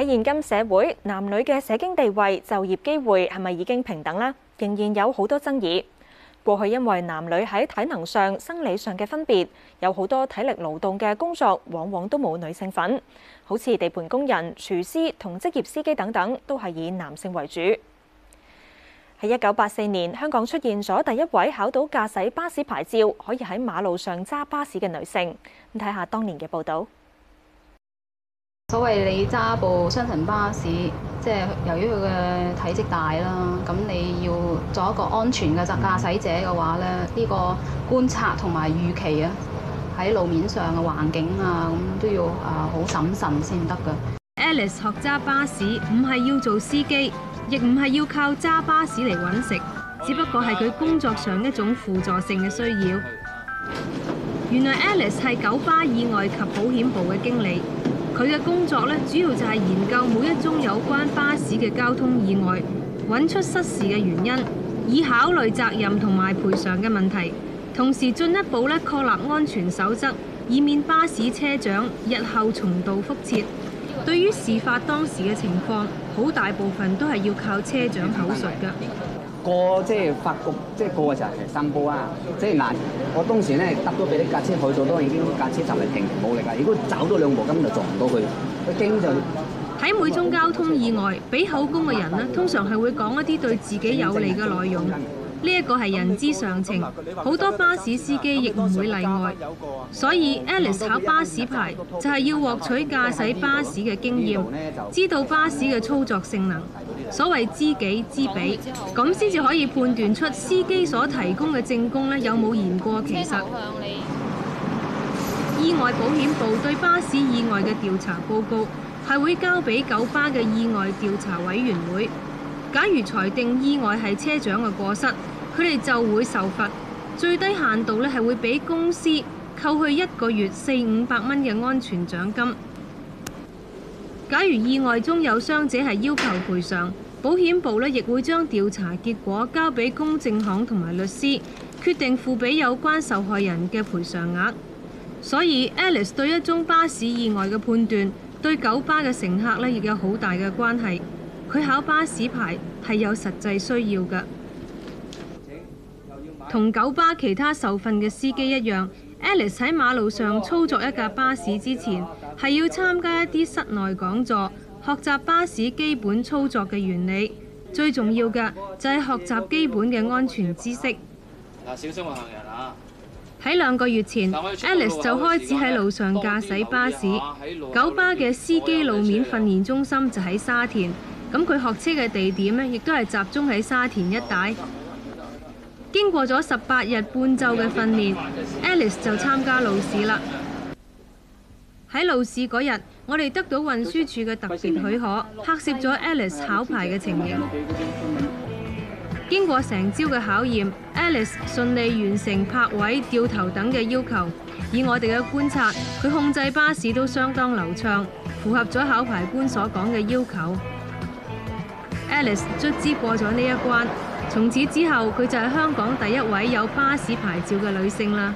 喺現今社會，男女嘅社經地位，就業機會係咪已經平等咧？仍然有好多爭議。過去因為男女喺體能上，生理上嘅分別，有好多體力勞動嘅工作，往往都冇女性份。好似地盤工人、廚師同職業司機等等，都係以男性為主。喺一九八四年，香港出現咗第一位考到駕駛巴士牌照，可以喺馬路上揸巴士嘅女性。咁睇下當年嘅報道。所謂你揸部雙層巴士，即係由於佢嘅體積大啦，咁你要做一個安全嘅駕駛者嘅話咧，呢個觀察同埋預期啊，喺路面上嘅環境啊，咁都要啊好審慎先得㗎。Alice 學揸巴士唔係要做司機，亦唔係要靠揸巴士嚟揾食，只不過係佢工作上一種輔助性嘅需要。原來 Alice 係九巴以外及保險部嘅經理。佢嘅工作咧，主要就係研究每一宗有關巴士嘅交通意外，揾出失事嘅原因，以考慮責任同埋賠償嘅問題，同時進一步咧確立安全守則，以免巴士車長日後重蹈覆轍。對於事發當時嘅情況，好大部分都係要靠車長口述㗎。過即係發局，即係過嘅時候係生波啊！即係嗱，我當時咧揼咗俾啲架車去咗，當已經架車就嚟停冇力啦。如果走多兩步，根本就撞唔到佢。佢驚就喺每宗交通意外，俾口供嘅人咧，通常係會講一啲對自己有利嘅內容。呢一個係人之常情，好多巴士司機亦唔會例外。所以 Alice 考巴士牌就係要獲取駕駛巴士嘅經驗，知道巴士嘅操作性能。所謂知己知彼，咁先至可以判斷出司機所提供嘅證供呢，有冇言過其實。意外保險部對巴士意外嘅調查報告係會交俾九巴嘅意外調查委員會。假如裁定意外係車長嘅過失，佢哋就會受罰，最低限度咧係會俾公司扣去一個月四五百蚊嘅安全獎金。假如意外中有傷者係要求賠償，保險部咧亦會將調查結果交俾公證行同埋律師，決定付俾有關受害人嘅賠償額。所以，Alice 對一宗巴士意外嘅判斷，對九巴嘅乘客咧亦有好大嘅關係。佢考巴士牌係有實際需要嘅，同九巴其他受訓嘅司機一樣。Alice 喺馬路上操作一架巴士之前，係要參加一啲室內講座，學習巴士基本操作嘅原理。最重要嘅就係學習基本嘅安全知識。小心行人啊！喺兩個月前，Alice 就開始喺路上駕駛巴士。九巴嘅司機路面訓練中心就喺沙田。咁佢學車嘅地點呢，亦都係集中喺沙田一帶。經過咗十八日半週嘅訓練，Alice 就參加路試啦。喺路試嗰日，我哋得到運輸署嘅特別許可，拍攝咗 Alice 考牌嘅情形。經過成朝嘅考驗，Alice 順利完成泊位、掉頭等嘅要求。以我哋嘅觀察，佢控制巴士都相當流暢，符合咗考牌官所講嘅要求。Alice 卒之過咗呢一關，從此之後佢就係香港第一位有巴士牌照嘅女性啦。